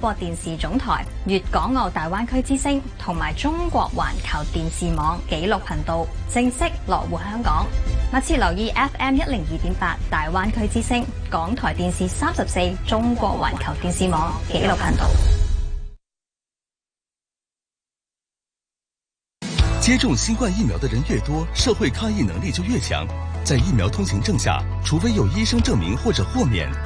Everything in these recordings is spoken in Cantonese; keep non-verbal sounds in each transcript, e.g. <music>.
播電視總台、粵港澳大灣區之聲同埋中國環球電視網紀錄頻道正式落戶香港。密切留意 FM 一零二點八大灣區之聲、港台電視三十四、中國環球電視網紀錄頻道。接種新冠疫苗的人越多，社會抗疫能力就越強。在疫苗通行證下，除非有醫生證明或者豁免。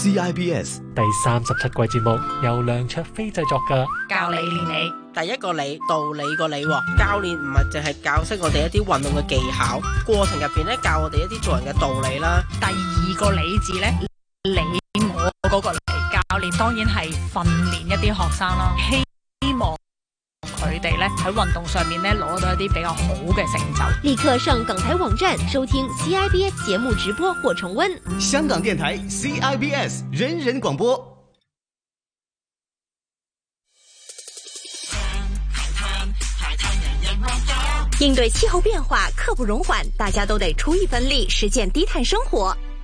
CIBS 第三十七季節目由梁卓非製作嘅，教你理你，第一個你，道理個理，哦，教練唔係淨係教識我哋一啲運動嘅技巧，過程入邊咧教我哋一啲做人嘅道理啦。第二個理字咧，理我嗰個理，教練當然係訓練一啲學生啦。佢哋咧喺運動上面咧攞到一啲比較好嘅成就。立刻上港台網站收聽 CIBS 節目直播或重溫。香港電台 CIBS 人人廣播。應對氣候變化刻不容緩，大家都得出一分力，實踐低碳生活。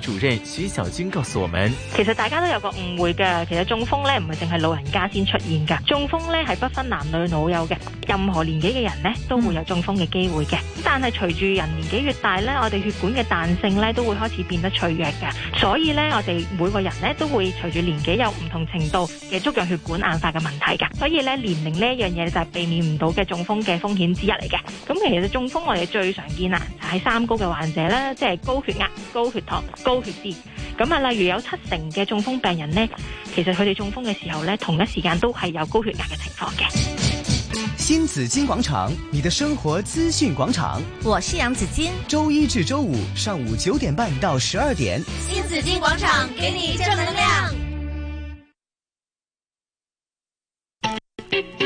主任徐小軍告訴我們：其實大家都有個誤會嘅。其實中風咧唔係淨係老人家先出現嘅，中風咧係不分男女老幼嘅，任何年紀嘅人咧都會有中風嘅機會嘅。但係隨住人年紀越大咧，我哋血管嘅彈性咧都會開始變得脆弱嘅，所以咧我哋每個人咧都會隨住年紀有唔同程度嘅粥樣血管硬化嘅問題嘅。所以咧年齡呢一樣嘢就係避免唔到嘅中風嘅風險之一嚟嘅。咁其實中風我哋最常見啊就係三高嘅患者啦，即係高血壓、高血糖。高血脂，咁啊，例如有七成嘅中風病人呢，其實佢哋中風嘅時候呢，同一時間都係有高血壓嘅情況嘅。新紫荊廣場，你的生活資訊廣場，我是楊子矜，周一至周五上午九點半到十二點，新紫荊廣場，給你正能量。嗯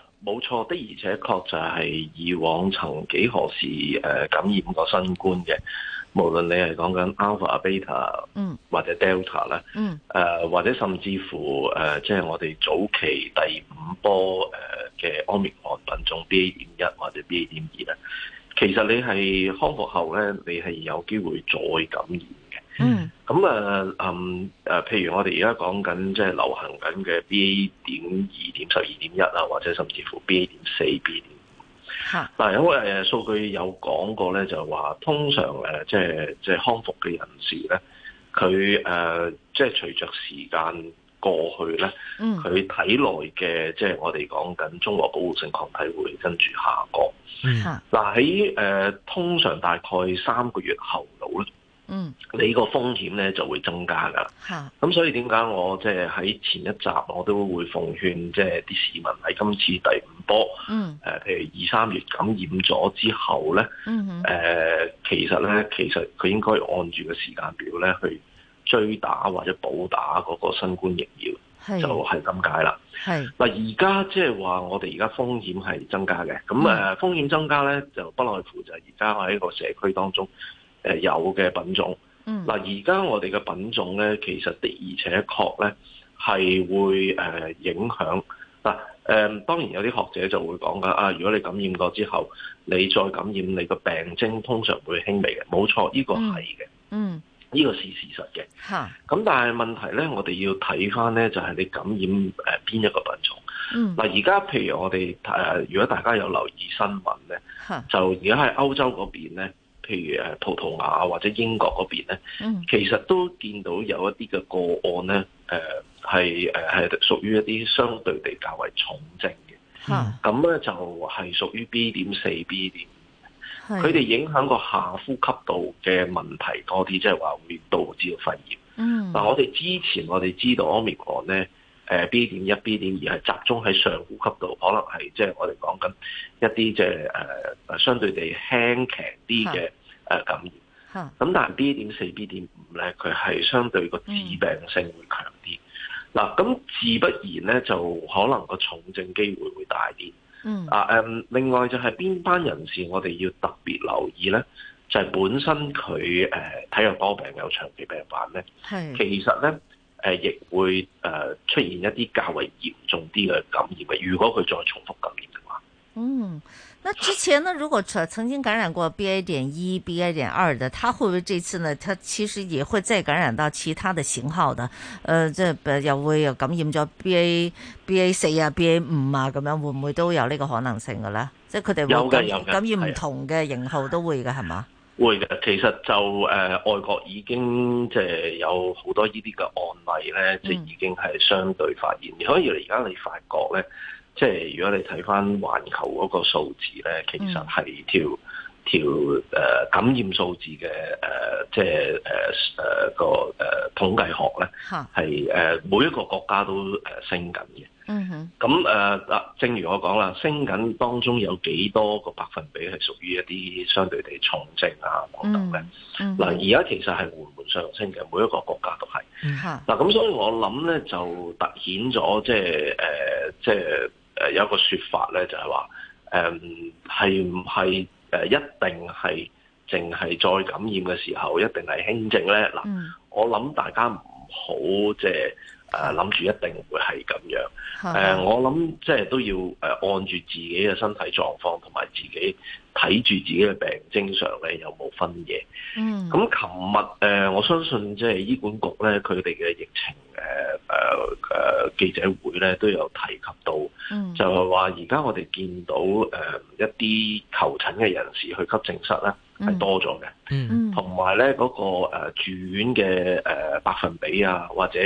冇錯，的而且確就係以往曾幾何時誒感染過新冠嘅，無論你係講緊 Alpha、Beta，嗯，或者 Delta 咧，嗯，誒或者甚至乎誒即係我哋早期第五波誒嘅 Omicron 品種 BA. 點一或者 BA. 點二咧，其實你係康復後咧，你係有機會再感染。嗯，咁誒、呃，嗯誒、呃，譬如我哋而家講緊即係流行緊嘅 BA 點二點十二點一啊，或者甚至乎 BA 點四點。吓哈，嗱，因為誒數據有講過咧，就話通常誒即係即係康復嘅人士咧，佢誒、呃、即係隨着時間過去咧，嗯，佢體內嘅即係我哋講緊中和保護性抗體會跟住下降。吓，嗱喺誒通常大概三個月後度咧。嗯，你個風險咧就會增加噶，咁所以點解我即係喺前一集我都會奉勸，即係啲市民喺今次第五波，誒、嗯，譬如二三月感染咗之後咧，誒、嗯哼，其實咧，其實佢應該按住個時間表咧去追打或者補打嗰個新冠疫苗，是就係咁解啦。係嗱是，而家即係話我哋而家風險係增加嘅，咁誒，風險增加咧就不外乎就係而家喺個社區當中。誒，有嘅品種，嗯，嗱，而家我哋嘅品種咧，其實的而且確咧係會誒影響，嗱，誒，當然有啲學者就會講噶，啊，如果你感染過之後，你再感染，你個病徵通常會輕微嘅，冇錯，呢、這個係嘅、嗯，嗯，呢個是事實嘅，吓哈，咁但係問題咧，我哋要睇翻咧，就係、是、你感染誒邊一個品種，嗯，嗱，而家譬如我哋誒、呃，如果大家有留意新聞咧，哈就而家喺歐洲嗰邊咧。譬如誒葡萄牙或者英國嗰邊咧，嗯、其實都見到有一啲嘅個案咧，誒係誒係屬於一啲相對地較為重症嘅，咁咧、嗯、就係屬於 B 點四、B 點是，佢哋影響個下呼吸道嘅問題多啲，即係話會導致到肺炎。嗱、嗯呃，我哋之前我哋知道 Omicron 咧，誒 B 點一、B 點二係集中喺上呼吸道，可能係即係我哋講緊一啲即係誒誒相對地輕強啲嘅。誒感染，咁但係 B 點四、B 點五咧，佢係相對個致病性會強啲。嗱、嗯，咁自不然咧，就可能個重症機會會大啲、嗯啊。嗯。啊誒，另外就係邊班人士我哋要特別留意咧，就係、是、本身佢誒、呃、體弱多病、有長期病患咧，係是其實咧誒亦會誒、呃、出現一啲較為嚴重啲嘅感染。如果佢再重複感染嘅話，嗯。那之前呢？如果曾經感染過 B A. 點一、B A. 點二的，他會唔會這次呢？他其實也會再感染到其他的型號的，誒、呃，即係又會又感染咗 B A. B A. 四啊、B A. 五啊咁樣，會唔會都有呢個可能性嘅呢？即係佢哋有感染唔同嘅型號都會噶係嘛？是的會噶，其實就誒，外國已經即係有好多呢啲嘅案例呢，即已經係相對發現，嗯、你可以而家你發覺呢。即係如果你睇返環球嗰個數字呢，嗯、其實係條條誒、呃、感染數字嘅誒，即係誒誒個統計學呢，係哈、呃、每一個國家都升緊嘅。咁誒、嗯哼嗯呃、正如我講啦，升緊當中有幾多個百分比係屬於一啲相對地重症啊、等等咧？嗱、嗯哼，而家、呃、其實係緩緩上升嘅，每一個國家都係。嗱、嗯哼，咁、呃、所以我諗呢，就突顯咗即係誒、呃、即係。誒，有一個說法咧，就係話，誒，係唔係？誒，一定係淨係再感染嘅時候，一定係輕症咧？嗱、嗯，我諗大家唔好即係。誒諗住一定會係咁樣，誒、啊、我諗即係都要誒按住自己嘅身體狀況同埋自己睇住自己嘅病徵上咧有冇分嘢？嗯，咁琴日誒、呃、我相信即係醫管局咧佢哋嘅疫情誒誒、呃呃、記者會咧都有提及到，嗯、就係話而家我哋見到誒、呃、一啲求診嘅人士去急症室咧係多咗嘅，嗯，同埋咧嗰個住院嘅誒、呃、百分比啊或者。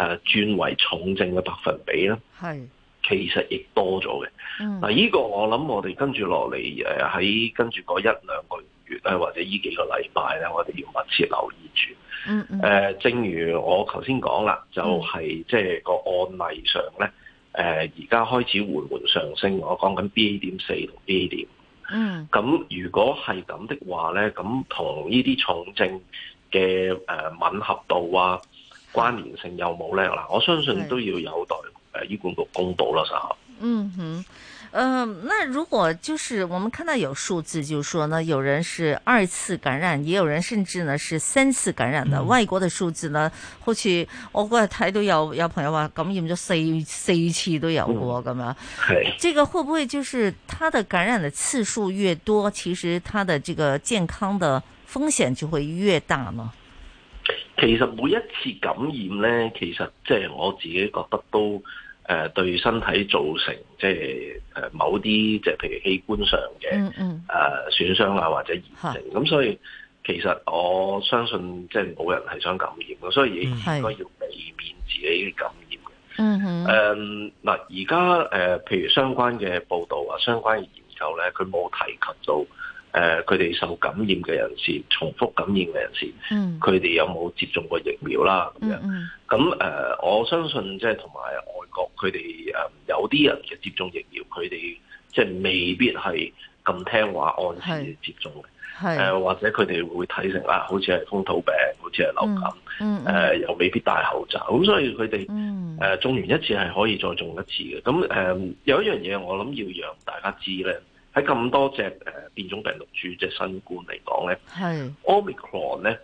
誒、啊、轉為重症嘅百分比咧，是其實亦多咗嘅。嗱、嗯，呢、啊這個我諗，我哋跟住落嚟喺跟住嗰一兩個月咧，或者呢幾個禮拜咧，我哋要密切留意住。嗯嗯、啊。正如我頭先講啦，就係即係個案例上咧，而、啊、家開始緩緩上升。我講緊 BA 點四同 BA 點五嗯。咁、啊、如果係咁的話咧，咁同呢啲重症嘅誒、呃、吻合度啊。關聯性有冇咧嗱？我相信都要有待誒醫管局公布啦，實。嗯哼，嗯、呃，那如果就是我們看到有數字，就是說呢，有人是二次感染，也有人甚至呢是三次感染的。嗯、外國的數字呢，好似我過睇都有有朋友話感染咗四四次都有過咁樣。係、嗯。這個會不會就是它的感染的次數越多，其實它的這個健康的風險就會越大呢？其實每一次感染咧，其實即係我自己覺得都誒、呃，對身體造成即係誒某啲即係譬如器官上嘅誒損傷啊，嗯嗯呃、或者炎症。咁哈所以其實我相信即係冇人係想感染咯，所以也應該要避免自己嘅感染嘅。嗯哼。誒，嗱、嗯，而家誒，譬如相關嘅報道啊，相關嘅研究咧，佢冇提及到。誒，佢哋、呃、受感染嘅人士，重複感染嘅人士，佢哋、嗯、有冇接種過疫苗啦？咁、嗯、樣，咁誒、嗯呃，我相信即係同埋外國，佢哋誒有啲人嘅接種疫苗，佢哋、嗯、即係未必係咁聽話按時接種嘅、呃，或者佢哋會睇成、啊、好似係風土病，好似係流感，誒、嗯，又、嗯呃、未必戴口罩，咁、嗯、所以佢哋誒種完一次係可以再種一次嘅。咁誒、呃，有一樣嘢我諗要讓大家知咧。喺咁多隻誒變種病毒株，即係新冠嚟講咧，係 Omicron 咧，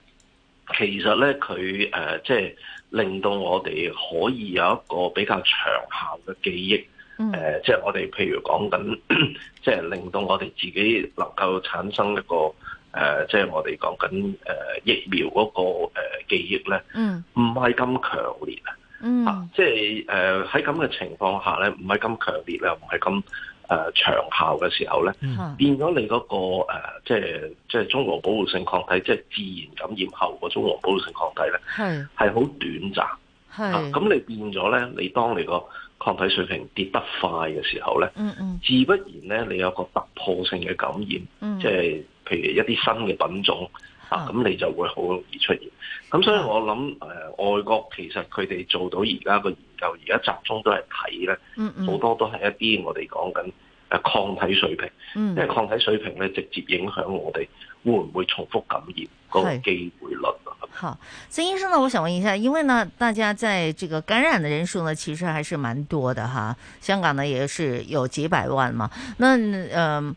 其實咧佢誒即係令到我哋可以有一個比較長效嘅記憶，誒即係我哋譬如講緊，即係令到我哋自己能夠產生一個誒，即係我哋講緊誒疫苗嗰個誒記憶咧，嗯，唔係咁強烈啊，嗯，即係誒喺咁嘅情況下咧，唔係咁強烈啊，唔係咁。誒、呃、長效嘅時候咧，嗯、變咗你嗰、那個、呃、即係即係中和保護性抗體，即係自然感染後個中和保護性抗體咧，係好是短暫。係是，咁、啊、你變咗咧，你當你個抗體水平跌得快嘅時候咧、嗯，嗯嗯，自不然咧，你有個突破性嘅感染，嗯、即係譬如一啲新嘅品種、嗯、啊，咁你就會好容易出現。咁所以我諗、呃，外國其實佢哋做到而家個研究，而家集中都係睇咧，好、嗯嗯、多都係一啲我哋講緊抗體水平，嗯、因為抗體水平咧，直接影響我哋會唔會重複感染嗰個機會率啊。嚇，曾醫生呢，我想問一下，因為呢大家在這個感染的人數呢，其實還是蠻多的哈，香港呢也是有幾百萬嘛，那嗯、呃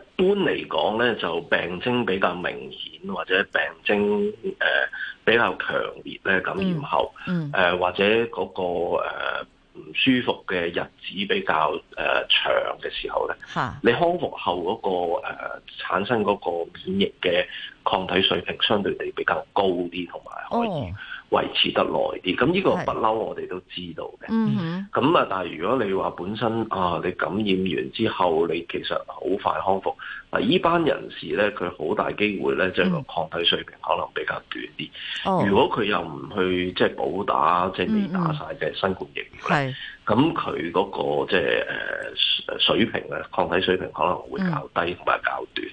一般嚟講咧，就病徵比較明顯或者病徵、呃、比較強烈咧，感染後，嗯嗯呃、或者嗰、嗰個誒唔、呃、舒服嘅日子比較、呃、長嘅時候，你康復後嗰、嗰個、呃、產生嗰個免疫嘅抗體水平相對地比較高啲，同埋可以，維持得耐啲，咁呢個不嬲，我哋都知道嘅。咁啊、嗯，但係如果你話本身啊，你感染完之後，你其實好快康復，嗱，依班人士咧，佢好大機會咧，即係個抗體水平可能比較短啲。嗯、如果佢又唔去即係補打，即係未打晒嘅新冠疫苗咧，咁佢嗰個即係誒水平咧，抗體水平可能會較低同埋較短。嗯。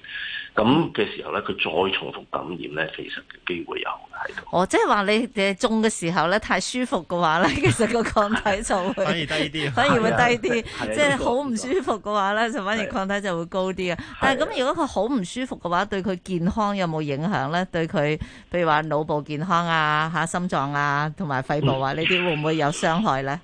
咁嘅時候咧，佢再重複感染咧，其實機會有我哦，即係話你誒中嘅時候咧，太舒服嘅話咧，其實個抗體就會 <laughs> 反而低啲， <laughs> 反而會低啲。的即係好唔舒服嘅話咧，就的反而抗體就會高啲嘅。的但係咁，如果佢好唔舒服嘅話，對佢健康有冇影響咧？對佢，譬如話腦部健康啊、下心臟啊、同埋肺部啊，呢啲會唔會有傷害咧？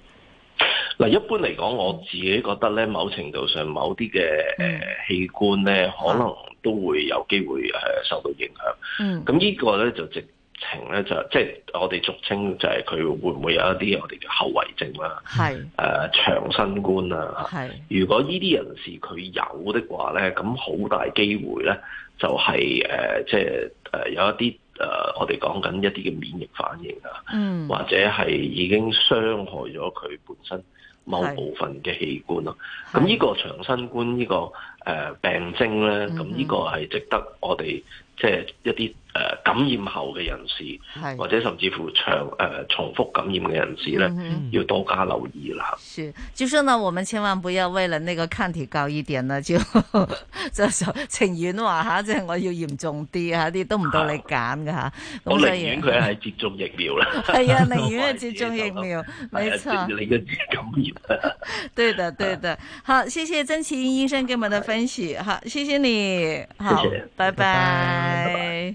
嗱、嗯， <laughs> 一般嚟講，我自己覺得咧，某程度上某啲嘅、呃、器官咧，可能、嗯。都會有機會、呃、受到影響。嗯，咁呢個咧就直情咧就即係我哋俗稱就係佢會唔會有一啲我哋嘅後遺症啦。係誒長新冠啊。係是，呃啊、是如果呢啲人士佢有的話咧，咁好大機會咧就係、是、誒、呃、即係、呃、有一啲誒、呃、我哋講緊一啲嘅免疫反應啊。嗯，或者係已經傷害咗佢本身某部分嘅器官咯、啊。咁呢個長新冠呢個。誒病徵咧，咁呢個係值得我哋即係一啲。誒，感染後嘅人士，係或者甚至乎長誒重複感染嘅人士咧，要多加留意啦。是，就說呢，我們千萬不要為了那個抗體高一點呢，就就情願話吓，即係我要嚴重啲啊啲，都唔到你揀嘅吓。咁我寧願佢係接種疫苗啦。係啊，寧願係接種疫苗，沒錯。寧願佢感染。對的，對的。好，謝謝曾祈殷醫生給我們的分析。好，謝謝你。好，拜拜。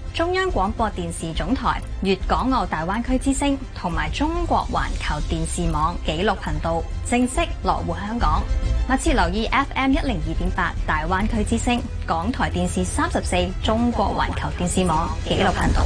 中央廣播電視總台、粵港澳大灣區之聲同埋中國環球電視網紀錄頻道正式落戶香港，密切留意 FM 一零二點八大灣區之聲、港台電視三十四、中國環球電視網紀錄頻道。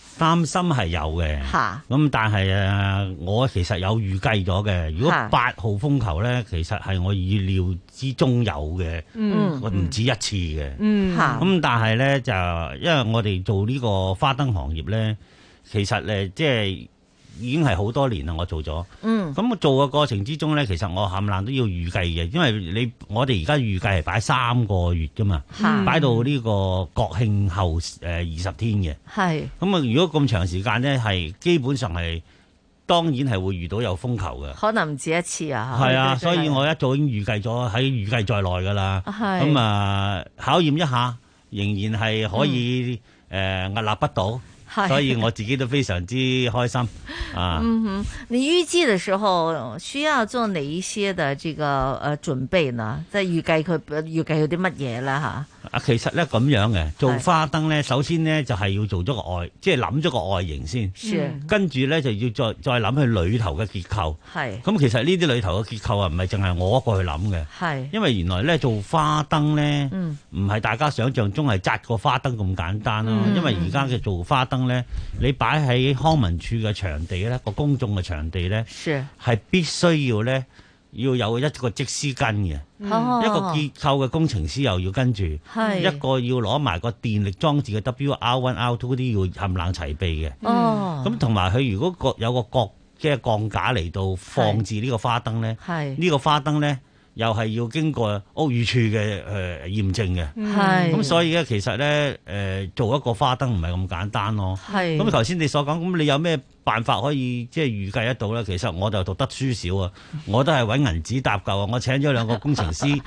擔心係有嘅，咁哈、嗯、但係誒，我其實有預計咗嘅。如果八號風球咧，其實係我意料之中有嘅，我唔、嗯、止一次嘅。咁、嗯嗯嗯、但係咧，就因為我哋做呢個花燈行業咧，其實誒，即係。已經係好多年啦，我做咗。嗯。咁我做嘅過程之中咧，其實我冚唪唥都要預計嘅，因為你我哋而家預計係擺三個月㗎嘛。係、嗯。擺到呢個國慶後誒二十天嘅。係是。咁啊、嗯，如果咁長時間咧，係基本上係當然係會遇到有風球嘅。可能唔止一次啊。係啊，所以我一早已經預計咗喺是預計在內㗎啦。係是。咁、嗯、啊，考驗一下，仍然係可以誒屹立不倒。 <noise> 所以我自己都非常之開心啊！ <laughs> 嗯哼，哼，你預計嘅時候需要做哪一些嘅這個呃準備呢？即係預計佢預計佢啲乜嘢啦吓？啊，其實咧咁樣嘅，做花燈咧，首先咧就係、是、要做咗個外，即係諗咗個外形先。是嗯、跟住咧就要再再諗佢裏頭嘅結構。咁是、嗯、其實呢啲裏頭嘅結構啊，唔係淨係我一個去諗嘅。是因為原來咧做花燈咧，唔係、嗯、大家想象中係紮個花燈咁簡單啦、啊。嗯、因為而家嘅做花燈咧，你擺喺康文署嘅場地咧，個公眾嘅場地咧，係是必須要咧。要有一個則師跟嘅，嗯、一個結構嘅工程師又要跟住，是一個要攞埋個電力裝置嘅 W R one、R two 嗰啲要冚冷齊備嘅。哦、嗯，咁同埋佢如果個有個鋼，即係鋼架嚟到放置呢個花燈咧，呢是個花燈咧是又係要經過屋宇署嘅誒驗證嘅。係是，咁所以咧其實咧誒、呃、做一個花燈唔係咁簡單咯。係是，咁頭先你所講咁你有咩辦法可以即係預計得到咧。其實我就讀得書少啊，我都係揾銀紙搭救啊。我請咗兩個工程師，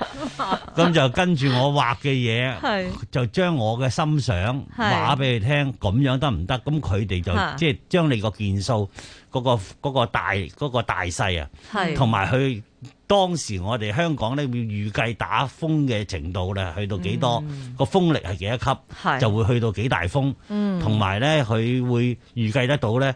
咁 <laughs> 就跟住我畫嘅嘢， <laughs> 是就將我嘅心想話俾你聽，咁樣得唔得？咁佢哋就是即係將你個件數、嗰個件數、嗰、嗰個大、嗰、嗰個、大細啊，同埋佢當時我哋香港咧會預計打風嘅程度咧，去到幾多個、嗯、風力係幾多級，是就會去到幾大風，同埋咧佢會預計得到咧。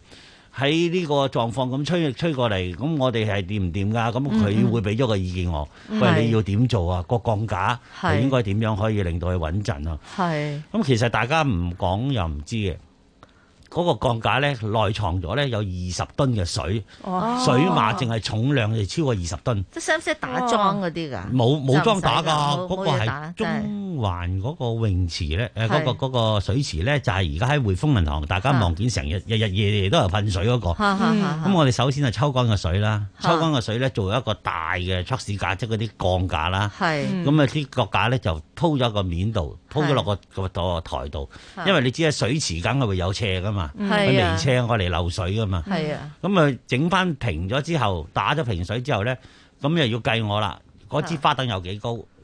喺呢個狀況咁吹吹過嚟，咁我哋係掂唔掂㗎？咁佢會俾咗個意見我，喂、嗯嗯，你要點做啊？嗰個鋼架係是應該點樣可以令到佢穩陣啊？係是。咁其實大家唔講又唔知嘅，嗰、嗰個鋼架咧內藏咗咧有二十噸嘅水，水馬淨係重量就超過二十噸。即係唔識打樁嗰啲㗎？冇冇樁打㗎，嗰個係裝。環嗰個泳池咧，嗰、那個水池咧，就係而家喺匯豐銀行，大家望見成日日日夜夜都係噴水嗰、那個。咁、嗯嗯、我哋首先就抽乾個水啦，啊、抽乾個水咧，做一個大嘅測試架，啊、即係嗰啲鋼架啦。咁啊啲角架咧就鋪咗個面度，鋪咗落個個台度，是因為你知啊水池梗係會有斜噶嘛，嚟、啊、斜我嚟漏水噶嘛。咁啊整翻平咗之後，打咗平水之後咧，咁又要計我啦，嗰支花燈有幾高？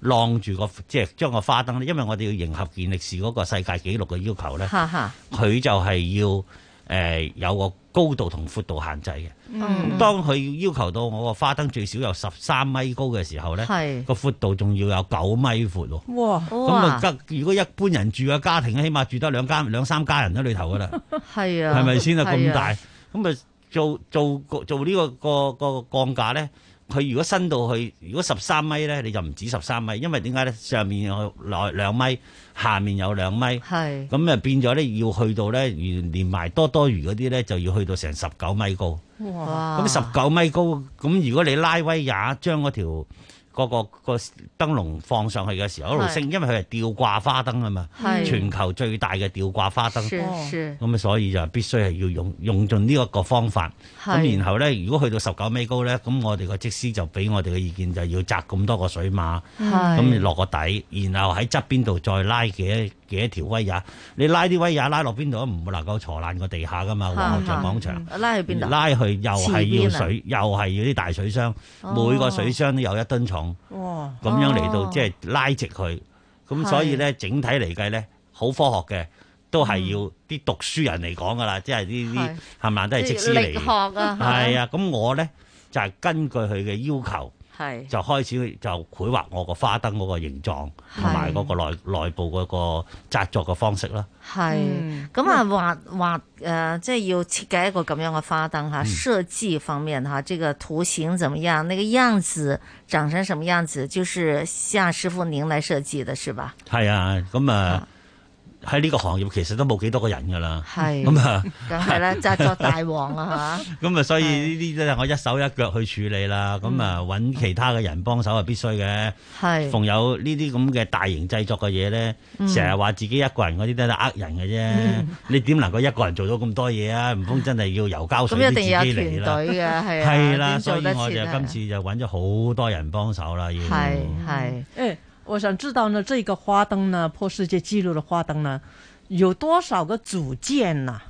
晾住個即係將個花燈咧，因為我哋要迎合健力士嗰個世界紀錄嘅要求咧，佢 <laughs> 就係要誒、呃、有個高度同闊度限制嘅。咁、嗯、當佢要求到我個花燈最少有十三米高嘅時候咧，個是闊度仲要有九米闊喎。哇！咁啊，如果一般人住嘅家庭起碼住得兩家兩三家人喺裏頭噶啦，係 <laughs> 啊，係咪先啊？咁大咁啊，做做做、這個、呢個個個鋼架咧？佢如果伸到去，如果十三米咧，你就唔止十三米，因為點解咧？上面有兩兩米，下面有兩米，咁啊是變咗咧，要去到咧連埋多多餘嗰啲咧，就要去到成十九米高。哇！咁十九米高，咁如果你拉威也將嗰條個個個燈籠放上去嘅時候，一路升，因為佢係吊掛花燈啊嘛，是全球最大嘅吊掛花燈，咁啊所以就必須係要用用盡呢一個方法，咁是然後咧，如果去到十九米高咧，咁我哋個則師就俾我哋嘅意見就要紮咁多個水馬，咁你落個底，然後喺側邊度再拉幾幾多條威也？你拉啲威也拉落邊度都唔會能夠挫爛個地下噶嘛？旺角長廣場拉去邊度？拉去，拉去又係要水，啊、又係要啲大水箱，哦、每個水箱都有一噸重。哇、哦！咁、哦、樣嚟到即係、就是、拉直佢。咁、哦、所以咧，是整體嚟計咧，好科學嘅，都係要啲讀書人嚟講噶啦，即係呢啲係咪都係知識嚟？係啊，咁的我咧就係、是、根據佢嘅要求。係，是就開始就繪畫我個花燈嗰個形狀，同埋嗰個內，內部嗰個製作嘅方式啦。係，咁啊畫畫誒，即係、嗯嗯呃、要設計一個咁樣嘅花燈嚇，設計方面嚇，嗯、這個圖形怎麼樣，那個樣子長成什麼樣子，就是夏師傅您來設計的，是吧？係啊，咁、呃、啊。喺呢個行業其實都冇幾多個人㗎啦，係咁啊，梗係啦，紮作大王啊嚇，咁啊，所以呢啲都係我一手一腳去處理啦。咁啊，揾其他嘅人幫手係必須嘅，係逢有呢啲咁嘅大型製作嘅嘢咧，成日話自己一個人嗰啲都係呃人嘅啫。你點能夠一個人做到咁多嘢啊？唔通真係要由交上自己嚟啦，咁一定要有團隊嘅，係啊，係啦，所以我就今次就揾咗好多人幫手啦，要係係，誒。我想知道呢，這個花燈呢，破世界紀錄的花燈呢，有多少個組件呢、啊？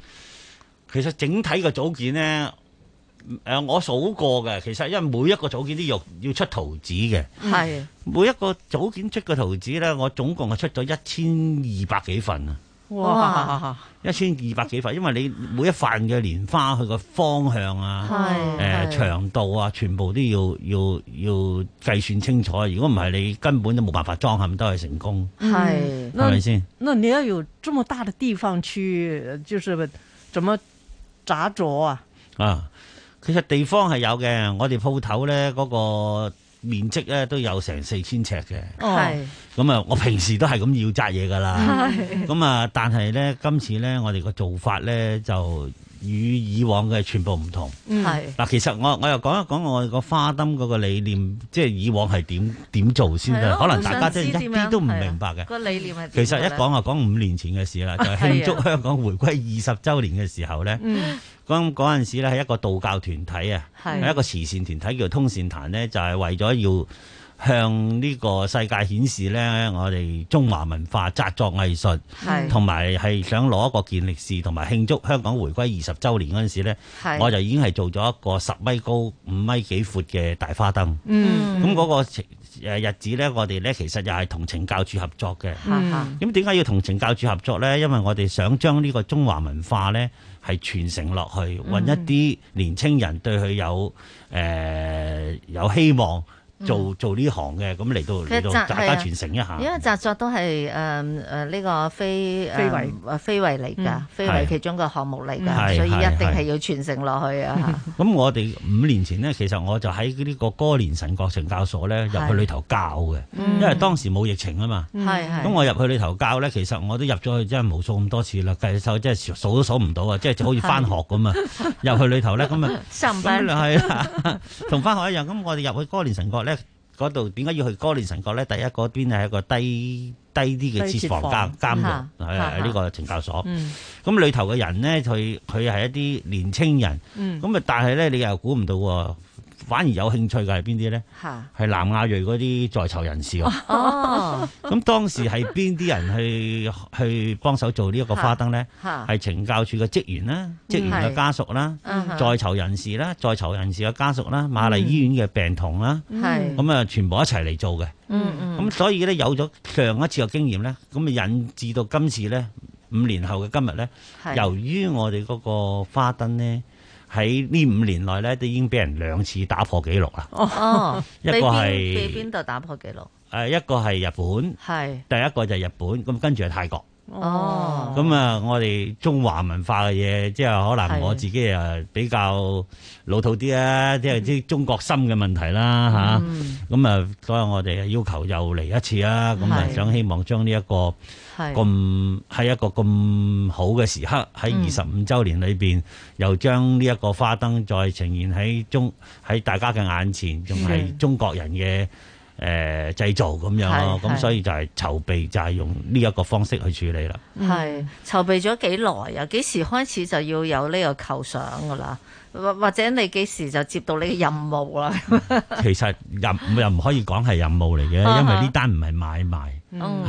其實整體嘅組件呢，誒、呃，我數過嘅，其實因為每一個組件都要，要出圖紙嘅，係是、嗯、每一個組件出個圖紙呢，我總共係出咗一千二百幾份啊。哇！一千二百幾塊，因為你每一塊嘅蓮花佢個方向啊，誒、呃、長度啊，全部都要要要計算清楚。如果唔係，你根本都冇辦法裝，係都係成功？係是，係咪先？那你要有這麼大的地方去，就是怎麼紮作啊？啊，其實地方係有嘅。我哋鋪頭咧嗰個。面積咧都有成四千尺嘅，咁啊、哦，我平時都係咁要紮嘢噶啦，咁啊是，但係咧今次咧我哋個做法咧就，與以往嘅全部唔同，係嗱是，其實我我又講一講我個花燈嗰個理念，即、就、係、是、以往係點點做先得？的可能大家想真係一啲都唔明白嘅。個理念係其實一講話講五年前嘅事啦，就是、慶祝香港回歸二十週年嘅時候咧，咁嗰陣時咧係一個道教團體啊，的一個慈善團體叫通善壇咧，就係、是、為咗要。向呢個世界顯示呢，我哋中華文化紮作藝術，同埋係想攞一個健力士，同埋慶祝香港回歸二十週年嗰陣時呢，是我就已經係做咗一個十米高、五米幾闊嘅大花燈。咁嗰、嗯、個日子呢，我哋呢其實又係同懲教署合作嘅。咁點解要同懲教署合作呢？因為我哋想將呢個中華文化呢係傳承落去，揾一啲年青人對佢有、呃、有希望。做做呢行嘅咁嚟到嚟到大家傳承一下，因為紮作都係誒誒呢個非非遺嚟㗎，非遺其中個項目嚟㗎，所以一定係要傳承落去啊！咁我哋五年前呢，其實我就喺呢個哥連臣角懲教所咧入去裏頭教嘅，因為當時冇疫情啊嘛。咁我入去裏頭教咧，其實我都入咗去真係無數咁多次啦，計數真係數都數唔到啊！即係好似翻學咁啊，入去裏頭咧咁啊，上唔到去同翻學一樣。咁我哋入去哥連臣角。嗰度點解要去歌連臣角咧？第一，嗰邊係一個低低啲嘅設房監設防監獄，係呢、嗯嗯嗯呢個懲教所。咁裏頭嘅人咧，佢佢係一啲年青人。咁啊、嗯，但係咧，你又估唔到、啊。反而有興趣嘅係邊啲咧？係南亞裔嗰啲在囚人士哦，咁當時係邊啲人去 <laughs> 去幫手做呢一個花燈咧？係懲教處嘅職員啦，職員嘅家屬啦，在囚人士啦，在囚人士嘅家屬啦，瑪麗醫院嘅病童啦，咁啊、嗯嗯、全部一齊嚟做嘅。嗯嗯。咁所以咧有咗上一次嘅經驗咧，咁啊引致到今次咧五年後嘅今日咧，由於我哋嗰個花燈咧。喺呢五年內咧，都已經俾人兩次打破紀錄啦。哦，一個係被邊度打破紀錄？誒，一個係日本，係第一個就係日本。咁跟住係泰國。哦，咁啊、哦，我哋中華文化嘅嘢，即係可能我自己啊比較老土啲啊，即係啲中國心嘅問題啦，吓，咁啊，所以我哋要求又嚟一次啦，咁啊是，想希望將呢、這個、是一個，係咁喺一個咁好嘅時刻，喺二十五周年裏邊，嗯、又將呢一個花燈再呈現喺中喺大家嘅眼前，仲係中國人嘅。誒、呃、製造咁樣咯，咁、嗯、所以就係籌備，就係、是、用呢一個方式去處理啦。係籌備咗幾耐啊？幾時開始就要有呢個構想㗎啦？或或者你幾時就接到呢個任務啦？ <laughs> 其實任又唔可以講係任務嚟嘅，因為呢單唔係買賣，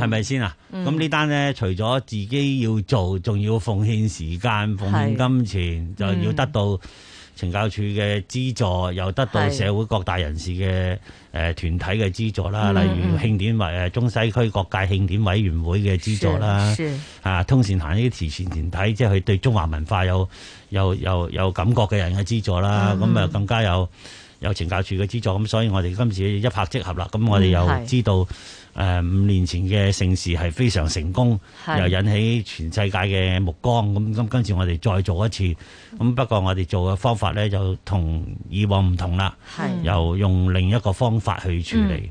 係咪先啊？咁吧、嗯、呢單咧，除咗自己要做，仲要奉獻時間、奉獻金錢，嗯、就要得到，呈教處嘅資助又得到社會各大人士嘅誒是、呃、團體嘅資助啦，例如慶典委誒、呃、中西區各界慶典委員會嘅資助啦，嚇、啊、通善行呢啲慈善團體，即係佢對中華文化有有有有感覺嘅人嘅資助啦，咁啊、嗯、更加有有懲教處嘅資助，咁所以我哋今次一拍即合啦，咁我哋又知道。誒五年前嘅盛事係非常成功，又引起全世界嘅目光。咁咁跟住我哋再做一次，咁不過我哋做嘅方法咧就同以往唔同啦，又用另一個方法去處理。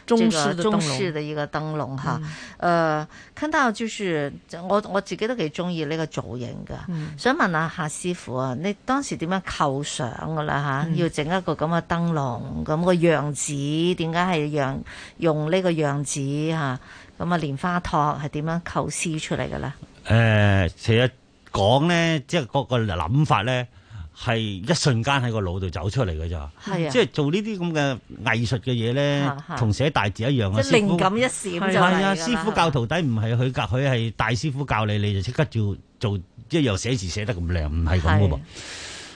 中式中式的一個燈籠哈，誒、嗯呃，看到就是我我自己都幾中意呢個造型噶，嗯、想問下夏師傅啊，你當時點樣構想噶啦吓？要整一個咁嘅燈籠咁個樣子，點解係用用呢個樣子吓？咁啊蓮花托係點樣構思出嚟嘅咧？誒、呃，其實講咧，即、就、係、是、個諗法咧。係一瞬間喺個腦度走出嚟嘅咋，啊、即係做呢啲咁嘅藝術嘅嘢咧，同是寫大字一樣啊！是是師傅是靈感一閃就係、啊、師傅教徒弟唔係佢，唔係佢教，佢係大師傅教你，吧你就即刻做做，即係又寫字寫得咁靚，唔係咁嘅噃。咁是、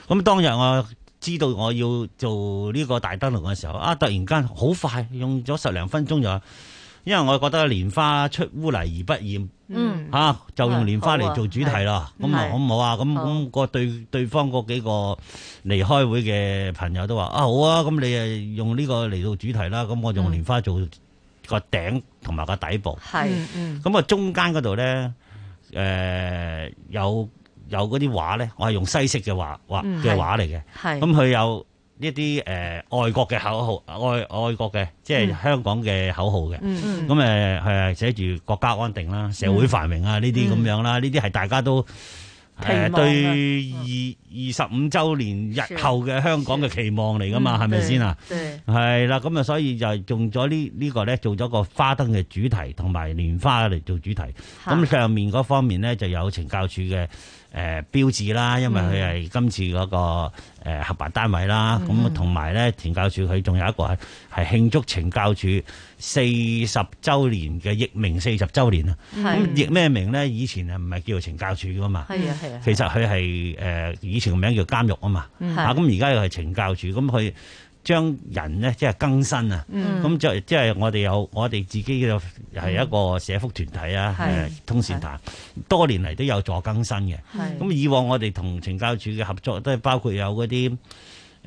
嗯、當日我知道我要做呢個大燈籠嘅時候，啊！突然間好快，用咗十零分鐘就。因為我覺得蓮花出污泥而不染，吓、嗯啊、就用蓮花嚟做主題啦。咁啊好唔好啊？咁咁個對對方嗰幾個嚟開會嘅朋友都話啊好啊！咁你誒用呢個嚟做主題啦。咁我用蓮花做個頂同埋個底部。係、嗯，咁啊中間嗰度咧，誒、呃、有有嗰啲畫咧，我係用西式嘅畫畫嘅畫嚟嘅。咁佢有。呢一啲誒外國嘅口號，外外國嘅即係香港嘅口號嘅，咁誒係寫住國家安定啦、社會繁榮啊呢啲咁樣啦，呢啲係大家都誒對二二十五週年日後嘅香港嘅期望嚟噶嘛，係咪先啊？係啦，咁啊所以就用咗呢呢個咧做咗個花燈嘅主題，同埋蓮花嚟做主題。咁上面嗰方面咧就有懲教處嘅。誒、呃、標誌啦，因為佢係今次嗰、那個、呃、合辦單位啦，咁同埋咧，懲教署佢仲有一個係係慶祝懲教署四十週年嘅易名四十週年啊！咁易咩名咧？以前啊唔係叫做懲教署㗎嘛，其實佢係誒以前個名叫監獄啊嘛，咁而家又係懲教署咁佢。將人咧即係更新啊！咁就、嗯、即係我哋有我哋自己嘅係一個社福團體啊，是通善壇是多年嚟都有助更新嘅。咁是以往我哋同懲教處嘅合作都係包括有嗰啲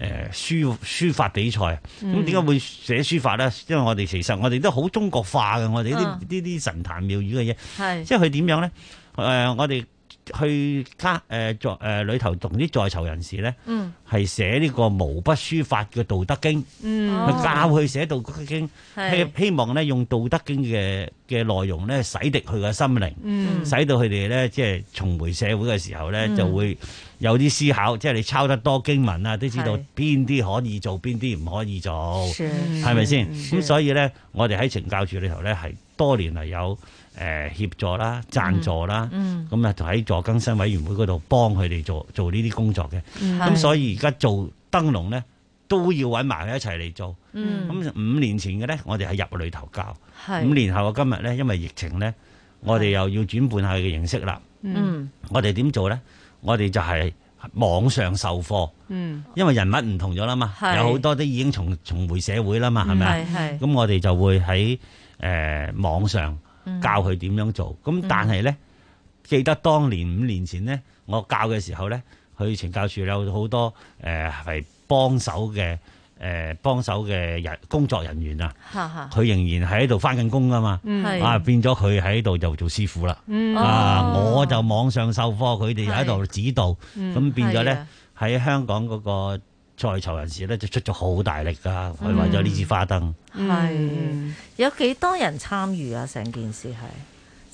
誒書書法比賽。咁點解會寫書法咧？因為我哋其實我哋都好中國化嘅，我哋呢啲呢啲神壇廟宇嘅嘢。啊、即係佢點樣咧？誒、呃，我哋。去卡誒在誒裏頭同啲在囚人士咧，係、嗯、寫呢、呢個毛筆書法嘅《道德經》，去、嗯哦、教佢寫《道德經》是，希希望咧用《道德經》嘅嘅內容咧洗滌佢嘅心靈，使、嗯、到佢哋咧即係重回社會嘅時候咧、嗯、就會有啲思考，即係你抄得多經文啊，都知道邊啲可以做，邊啲唔可以做，係咪先？咁所以咧，我哋喺懲教處裏頭咧係多年嚟有。誒、呃、協助啦，贊助啦，咁啊、嗯，嗯、就喺助更生委員會嗰度幫佢哋做做呢啲工作嘅。咁是所以而家做燈籠咧，都要搵埋佢一齊嚟做。咁、嗯、五年前嘅咧，我哋係入裏頭教。是五年後嘅今日咧，因為疫情咧，我哋又要轉換下佢嘅形式啦是。我哋點做咧？我哋就係網上授課，嗯、因為人物唔同咗啦嘛，是有好多都已經重重回社會啦嘛，係咪咁我哋就會喺誒、呃、網上。教佢點樣做，咁但係咧，記得當年五年前咧，我教嘅時候咧，佢懲教處有好多誒係幫手嘅誒幫手嘅人工作人員他的啊，佢仍然喺度翻緊工噶嘛，啊變咗佢喺度就做師傅啦，哦、啊我就網上授課，佢哋又喺度指導，咁的變咗咧喺香港嗰、那個。在囚人士咧就出咗好大力噶，佢為咗呢支花燈。係有幾多人參與啊？成件事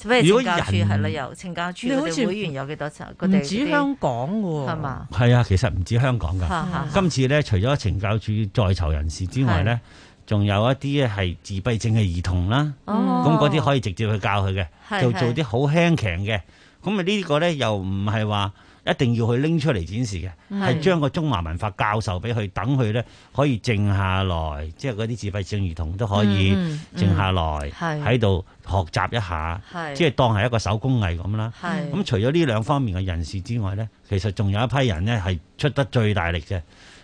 係，如果人係旅遊，懲教處佢哋會員有幾多？唔止香港噶喎，係嘛？係啊，其實唔止香港噶。今次咧，除咗懲教處在囚人士之外咧，仲有一啲係自閉症嘅兒童啦。咁嗰啲可以直接去教佢嘅，就做啲好輕鬆嘅。咁啊，呢個咧又唔係話。一定要去拎出嚟展示嘅，係將個中華文化教授俾佢，等佢咧可以靜下來，即係嗰啲自閉症兒童都可以靜下來，係喺度學習一下，係是即係當係一個手工藝咁啦。係咁是是除咗呢兩方面嘅人士之外咧，其實仲有一批人咧係出得最大力嘅，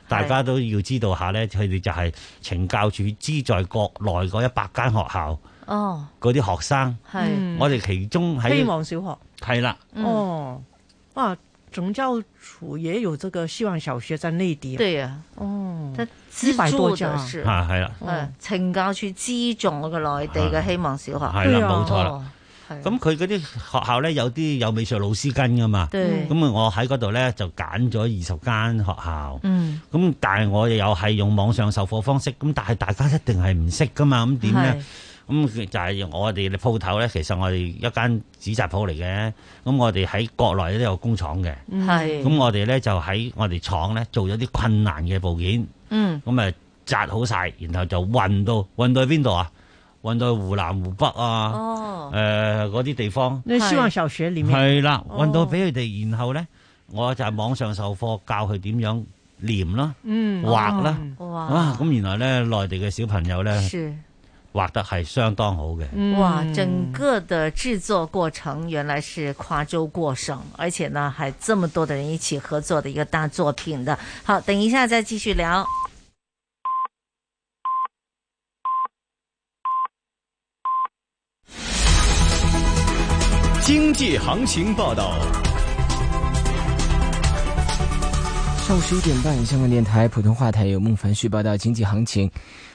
大家都要知道下咧，佢哋是就係懲教處資在國內嗰一百間學校，嗰啲學生，係我哋其中喺希望小學，係啦了，哦，哇，啊！總教處也有這個希望小學在內地。對呀、啊，哦，佢幾百多間啊，係啦、啊，誒、嗯，懲教處資助嘅內地嘅希望小學，係啦、啊，冇錯，係、哦。咁佢嗰啲學校咧，有啲有美術老師跟噶嘛，咁啊對，那我喺嗰度咧就揀咗二十間學校，嗯，咁但係我又係用網上授課方式，咁但係大家一定係唔識噶嘛，咁點咧？咁、嗯、就係、是、我哋嘅鋪頭咧，其實我哋一間紙紮鋪嚟嘅。咁、嗯、我哋喺國內都有工廠嘅。係是。咁、嗯、我哋咧就喺我哋廠咧做咗啲困難嘅部件。嗯。咁誒紮好晒，然後就運到運到去邊度啊？運到去湖南湖北啊。哦。誒嗰啲地方。你希望小學唸？係啦，運到俾佢哋，然後咧，我就係網上授課、啊，教佢點樣唸啦，畫啦、啊嗯。哇！咁、啊嗯、原來咧，內地嘅小朋友咧。畫得係相當好嘅，嗯、哇！整個的製作過程原來是跨州過省，而且呢還這麼多的人一起合作的一個大作品的。好，等一下再繼續聊。經濟行情報道，上午十一點半，香港電台普通話台有孟凡旭報道經濟行情。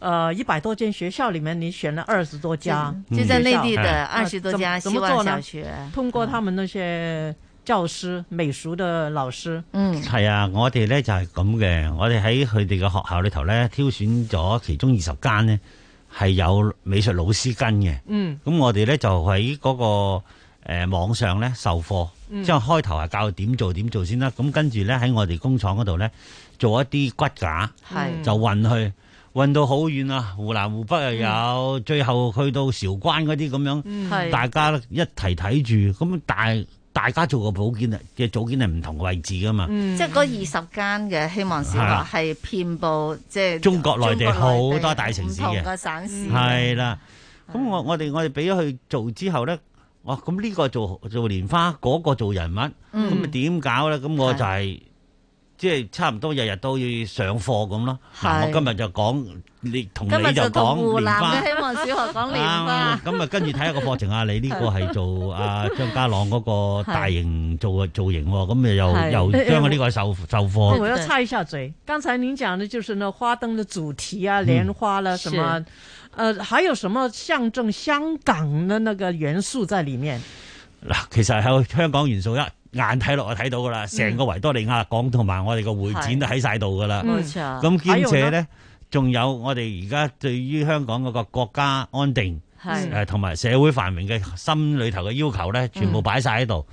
呃，一百多間學校裏面，你選了二十多家，即係在內地的二十多家希望小學校的、啊。通過他們那些教師、嗯、美術的老師，嗯，係啊，我哋呢就係咁嘅，我哋喺佢哋嘅學校裏頭呢，挑選咗其中二十間呢係有美術老師跟嘅，嗯，咁我哋呢就喺嗰個誒網上呢授課，即係開頭係教佢點做點做先啦，咁跟住呢，喺我哋工廠嗰度呢，做一啲骨架，係、嗯、就運去。運到好遠啊，湖南、湖北又有，嗯、最後去到韶關嗰啲咁樣，嗯、大家一齊睇住，咁大大家做個普建啊嘅組建係唔同嘅位置噶嘛，嗯嗯嗯、即係嗰二十間嘅希望小學係遍布的即係中國內地好多大城市嘅，唔同嘅省市係啦。咁我我哋我哋俾佢做之後咧，哇！咁呢個做做蓮花，嗰、嗰個做人物，咁咪點搞咧？咁我就係。那個就是即係差唔多日日都要上課咁咯。我今日就講你同你就講湖南嘅希望小學講蓮花。咁啊，跟住睇下個課程啊，你呢個係做啊張家朗嗰個大型做造型喎。咁啊，又又將呢個授授課。我要插一下嘴。剛才您講嘅就是那花燈嘅主題啊，蓮花喇，什麼？呃，還有什麼象徵香港嘅那個元素在裡面？嗱，其實係香港元素一。眼睇落去睇到噶啦，成個維多利亞港同埋我哋個會展都喺晒度噶啦。咁兼且咧，仲有我哋而家對於香港嗰個國家安定，誒同埋社會繁榮嘅心裏頭嘅要求咧，全部擺晒喺度。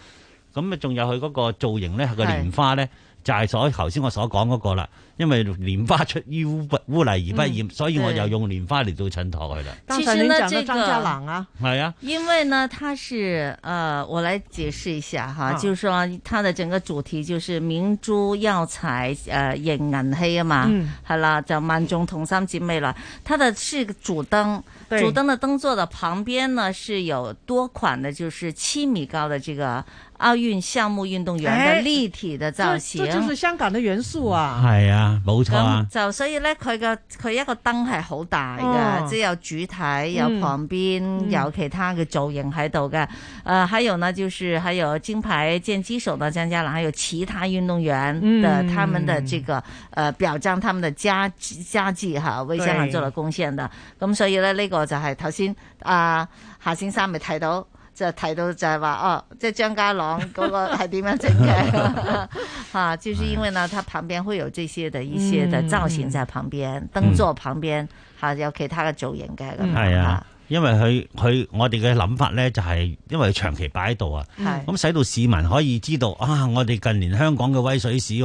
咁啊，仲有佢嗰個造型咧，係個蓮花咧，就係所頭先我所講嗰個啦。因為蓮花出淤不污泥而不染，所以我又用蓮花嚟到襯托佢啦。其實呢，這個叫郎啊，係啊。因為呢，它是，呃，我來解釋一下哈，啊、就是說它的整個主題就是明珠藥材，呃，眼銀黑啊嘛，係啦、嗯，叫萬眾同心三姐妹啦。它的是主燈，主燈的燈座的旁邊呢，是有多款的，就是七米高的這個奧運項目運動員的立體的造型。這，這就是香港的元素啊，係啊、嗯。哎呀冇錯、啊、就所以咧，佢個佢一個燈係好大嘅，即、哦、有主體，嗯、有旁邊，嗯、有其他嘅造型喺度嘅。誒、呃，還有呢，就是還有金牌劍擊手呢，張家朗，還有其他運動員的、嗯、他們的這個誒、呃、表彰他們的佳佳績吓，為香港做了貢獻的。咁對所以呢，呢、這個就係頭先啊，夏、呃、先生咪睇到。就係睇到就係話哦，即係張家朗嗰個係點樣整嘅吓，就是因為呢，佢旁邊會有這些嘅一些嘅造型，就旁邊燈座旁邊吓有其他嘅造型嘅咁。係啊，因為佢佢我哋嘅諗法咧，就係因為長期擺喺度啊，咁使到市民可以知道啊，我哋近年香港嘅威水史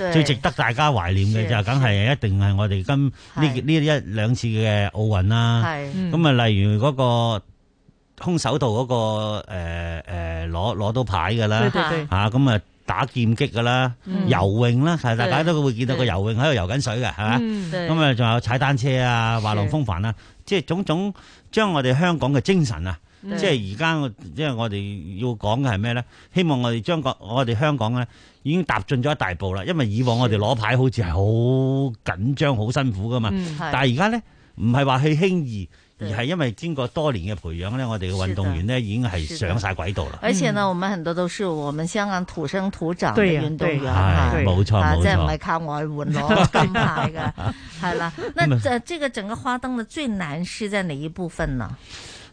最最值得大家懷念嘅就梗係一定係我哋今呢呢一兩次嘅奧運啦。咁啊，例如嗰個。空手道嗰、那個誒誒攞攞到牌嘅啦吓，咁啊打劍擊嘅啦、嗯、游泳啦係對大家都會見到嗰個游泳喺度游緊水嘅係嘛？咁啊仲有踩單車啊滑浪風帆啦、啊、是即係種種將我哋香港嘅精神啊對即係而家即係我哋要講嘅係咩咧？希望我哋將我我哋香港咧已經踏進咗一大步啦，因為以往我哋攞牌好似係好緊張好辛苦噶嘛是、嗯、是但係而家咧唔係話去輕易。而係因為經過多年嘅培養咧，我哋嘅運動員咧已經係上晒軌道啦。而且呢，我們很多都是我們香港土生土長嘅運動員啊，冇錯冇錯，即係唔係靠外援攞金牌嘅，係啦。那這個整個花燈嘅最難是在哪一部分呢？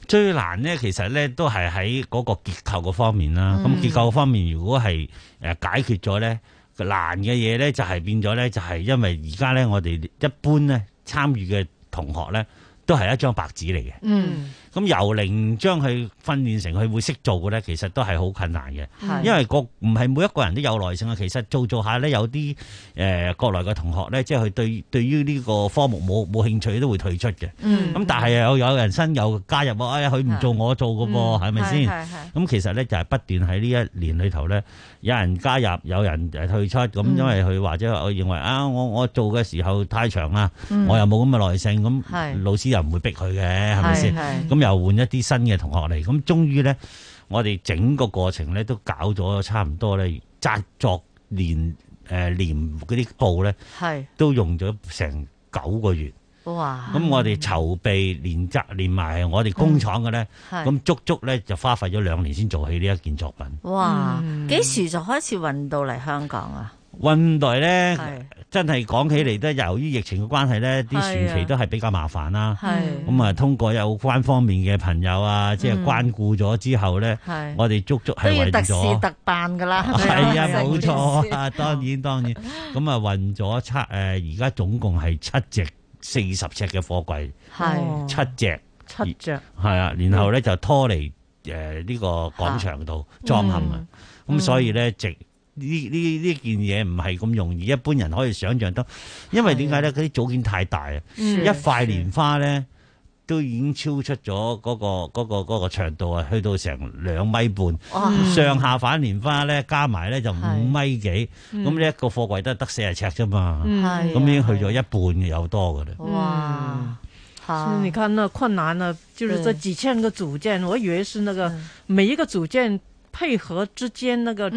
最難呢，其實咧都係喺嗰個結構嘅方面啦。咁結構方面，如果係誒解決咗咧，難嘅嘢咧就係變咗咧，就係因為而家咧我哋一般咧參與嘅同學咧。都係一張白紙嚟嘅。嗯咁由零將佢訓練成佢會識做嘅咧，其實都係好困難嘅。是因為個唔係每一個人都有耐性啊。其實做做下咧，有啲誒、呃、國內嘅同學咧，即係佢對對於呢個科目冇冇興趣，都會退出嘅。咁、嗯、但係有有人新有加入啊！佢、哎、唔做我做嘅噃，係咪先？咁吧其實咧就係不斷喺呢一年裏頭咧，有人加入，有人退出。咁因為佢或者我認為、嗯、啊，我我做嘅時候太長啦，嗯、我又冇咁嘅耐性。咁是老師又唔會逼佢嘅，係咪先？咁又換一啲新嘅同學嚟，咁終於咧，我哋整個過程咧都搞咗差唔多咧，紮作連誒連嗰啲布咧，係都用咗成九個月。哇！咁我哋籌備連紮連埋，我哋工廠嘅咧，咁足足咧就花費咗兩年先做起呢一件作品。哇！幾時就開始運到嚟香港啊？運袋咧，真係講起嚟，都由於疫情嘅關係咧，啲船期都係比較麻煩啦。咁啊，通過有關方面嘅朋友啊，即係關顧咗之後咧，我哋足足係運咗。都要特事特辦噶啦。係啊，冇錯啊，當然當然。咁啊，運咗七誒，而家總共係七隻四十尺嘅貨櫃，係七隻，七隻係啊。然後咧就拖嚟誒呢個廣場度裝行啊。咁所以咧直。呢呢呢件嘢唔係咁容易，一般人可以想象得，因為點解咧？嗰啲組件太大啊！一塊蓮花咧都已經超出咗嗰個嗰個長度啊，去到成兩米半，上下反蓮花咧加埋咧就五米幾，咁一個貨櫃都係得四十尺啫嘛，咁已經去咗一半有多噶啦。哇！嚇！你看，那困難啊，就是這幾千個組件，我以為是那個每一個組件。配合之間那個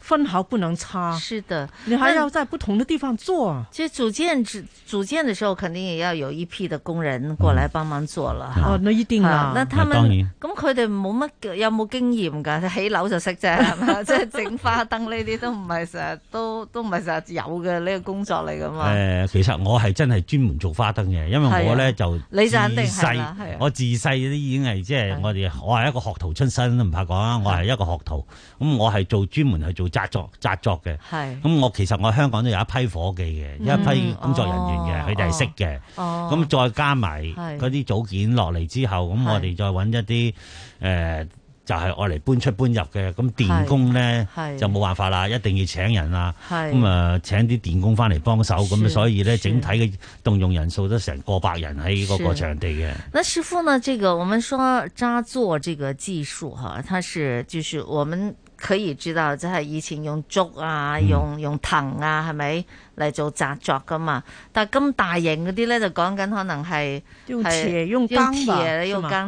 分毫不能差，是的，你還要在不同的地方做。啊。即係組建組組建的時候，肯定也要有一批的工人過來幫忙做了。哦，那一定啊，那他們咁佢哋冇乜有冇經驗噶？起樓就識啫，係嘛，即係整花燈呢啲都唔係成日都都唔係成日有嘅呢個工作嚟噶嘛。誒，其實我係真係專門做花燈嘅，因為我咧就你就肯定係我自細啲已經係即係我哋我係一個學徒出身都唔怕講啊，我係一個。學徒，咁我係做專門去做紮作紮作嘅，係是，咁我其實我在香港都有一批夥計嘅，嗯、一批工作人員嘅，佢哋係識嘅，咁、哦、再加埋嗰啲組件落嚟之後，咁我哋再搵一啲誒。是呃就係愛嚟搬出搬入嘅，咁電工咧就冇辦法啦，一定要請人啊，咁啊是、嗯、請啲電工翻嚟幫手，咁是所以咧整體嘅動用人數都成過百人喺嗰個場地嘅。那師傅呢？這個我們說紮作這個技術，哈，它是就是我們。佢而住就即係以前用竹啊，用用藤啊，係咪嚟做紮作噶嘛？但係咁大型嗰啲咧，就講緊可能係用用鋼、用鋼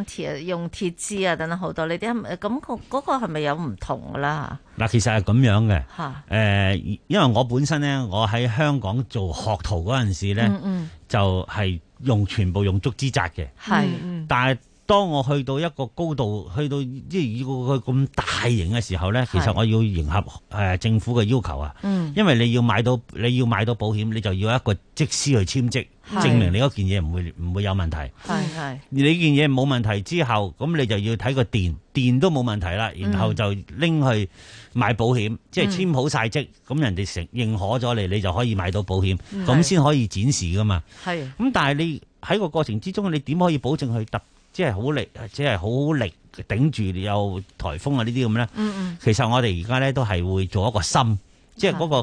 鐵啊、用鐵枝啊等等好多。那個那個、是是呢啲咁個嗰個係咪有唔同噶啦？嗱，其實係咁樣嘅。嚇、呃、誒，因為我本身咧，我喺香港做學徒嗰陣時咧，嗯嗯就係用全部用竹枝紮嘅。係，是嗯、但係。當我去到一個高度，去到即係一個咁大型嘅時候咧，其實我要迎合誒政府嘅要求啊，的嗯、因為你要買到你要買到保險，你就要一個則師去簽則，是的 證明你嗰件嘢唔會唔會有問題。係係，你件嘢冇問題之後，咁你就要睇個電，電都冇問題啦，然後就拎去買保險，嗯嗯即係簽好晒則，咁人哋承認可咗你，你就可以買到保險，咁先是的 可以展示噶嘛。係，咁但係你喺個過程之中，你點可以保證佢特？即係好力，即係好力頂住有颱風啊！呢啲咁咧，其實我哋而家咧都係會做一個心，即係嗰個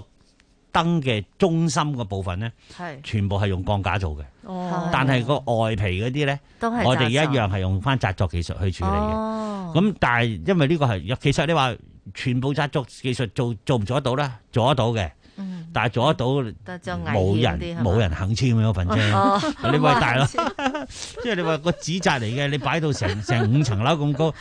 燈嘅中心嘅部分咧，係是 全部係用鋼架做嘅。嗯、哦，但係個外皮嗰啲咧，都係我哋一樣係用翻紮作技術去處理嘅。哦，咁但係因為呢個係其實你話全部紮作技術做做唔做得到咧？做得到嘅。但係做得到，冇人冇人肯簽嗰份啫。你偉大咯，即係你話個紙紮嚟嘅，你擺到成成五層樓咁高，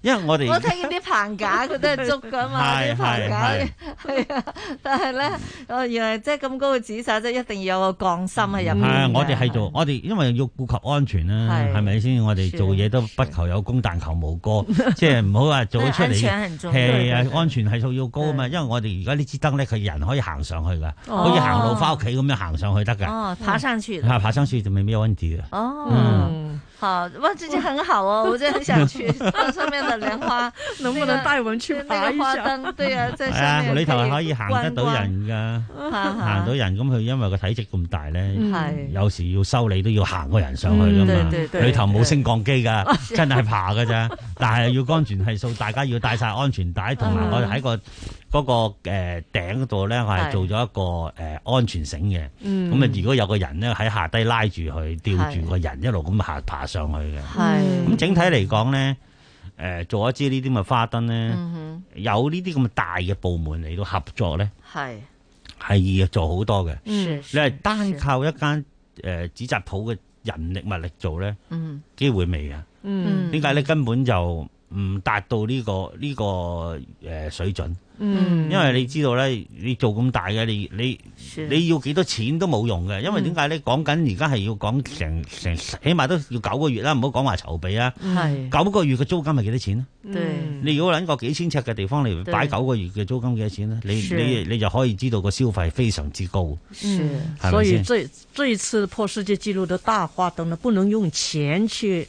因為我哋我睇見啲棚架，佢都係捉噶嘛，啲棚架係啊。但係咧，原來即係咁高嘅紙紮，即係一定要有個鋼心喺入面。係我哋係做，我哋因為要顧及安全啦，係咪先？我哋做嘢都不求有功，但求無過，即係唔好話做出嚟係啊，安全係數要高啊嘛。因為我哋而家呢支燈咧，佢人可以行，上去噶，可以行路翻屋企咁樣行上去得噶。哦，爬上去。爬上去就未咩問題啊？哦，好，哇，最近很好哦，我真係想去。上面的蓮花，能唔能帶我們去那個花燈？對呀，在上面。啊，裏頭可以行得到人噶，行得到人。咁佢因為個體積咁大咧，有時要修理都要行個人上去噶嘛。裏頭冇升降機噶，真係爬噶咋。但係要安全係數，大家要帶晒安全帶，同埋我哋喺個。嗰個誒頂嗰度咧，我係做咗一個誒安全繩嘅。咁啊，嗯，如果有個人咧喺下低拉住佢，吊住個人一路咁爬爬上去嘅。咁整體嚟講咧，誒做一支呢啲咁嘅花燈咧，有呢啲咁大嘅部門嚟到合作咧，係係要做好多嘅。你係單靠一間誒紙紮鋪嘅人力物力做咧，嗯，機會未啊？嗯，點解咧？根本就唔達到呢、呢個呢、呢個誒、呃、水準，嗯，因為你知道咧，你做咁大嘅，你你是你要幾多錢都冇用嘅，因為點解咧？講緊而家係要講成成起碼都要九個月啦，唔好講話籌備啊，係九是個月嘅租金係幾多錢咧？對你如果揾個幾千尺嘅地方嚟擺九個月嘅租金幾多錢咧？你是你你就可以知道個消費非常之高，是吧所以最最次破世界紀錄嘅大花燈咧，不能用錢去。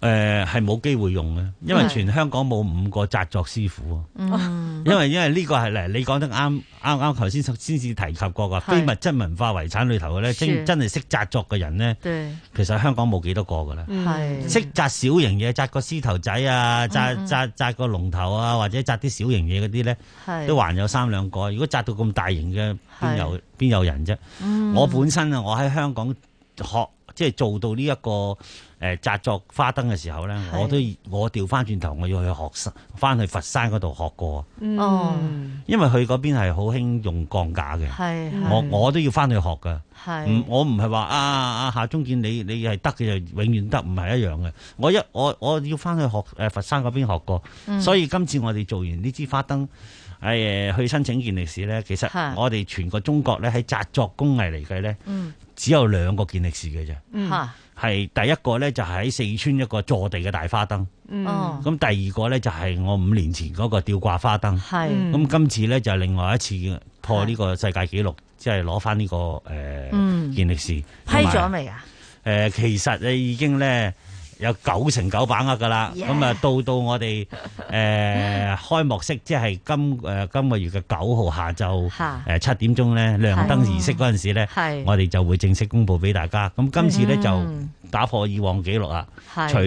誒，係冇、呃、機會用嘅，因為全香港冇五個紮作師傅。嗯是，因為因為呢個係咧，你講得啱啱啱頭先先至提及過噶，非物質文化遺產裏頭嘅咧是，真真係識紮作嘅人咧，對其實香港冇幾多個噶啦。係識紮小型嘢，紮個獅頭仔啊，扎扎紮個龍頭啊，或者紮啲小型嘢嗰啲咧，是都還有三兩個。如果紮到咁大型嘅，邊有邊是有人啫？嗯、我本身啊，我喺香港學。即係做到呢一個誒紮作花燈嘅時候咧的，我都我調翻轉頭，我要去學翻去佛山嗰度學過。哦、嗯，因為去嗰邊係好興用鋼架嘅，的我我都要翻去學噶。係的、嗯，我唔係話啊啊夏中建，你你係得嘅就永遠得，唔係一樣嘅。我一我我要翻去學誒、呃、佛山嗰邊學過，嗯、所以今次我哋做完呢支花燈誒、呃、去申請建歷史咧，其實我哋全個中國咧喺紮作工藝嚟計咧。的只有兩個健力士嘅啫，係、嗯、第一個咧就喺四川一個坐地嘅大花燈，咁、哦、第二個咧就係我五年前嗰個吊掛花燈，咁今、嗯、次咧就係另外一次破呢個世界紀錄，即係攞翻呢個誒健力士批咗未啊？誒、呃，其實你已經咧。有九成九把握噶啦，咁啊到到我哋誒、呃、開幕式，即係今誒、呃、今個月嘅九號下晝誒七點鐘咧亮燈儀式嗰陣時咧， <laughs> 我哋就會正式公布俾大家。咁今次咧就打破以往紀錄啦，除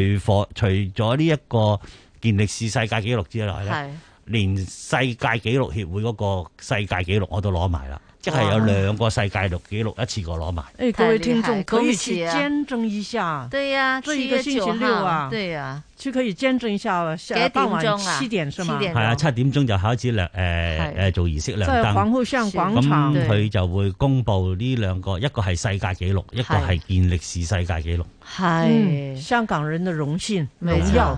除咗呢一個健力士世界紀錄之外咧， <laughs> <laughs> <laughs> <laughs> <laughs> 連世界紀錄協會嗰個世界紀錄我都攞埋啦。即係有兩個世界紀錄一次過攞埋，誒，各位聽眾可以去見證一下。對呀，個星期六啊，對呀，去可以見證一下，幾點鐘啊？七點是嗎？係啊，七點鐘就開始亮，誒誒，做儀式亮燈。在皇后像廣場，佢就會公布呢兩個，一個係世界紀錄，一個係建歷史世界紀錄。係香港人的榮幸，榮耀。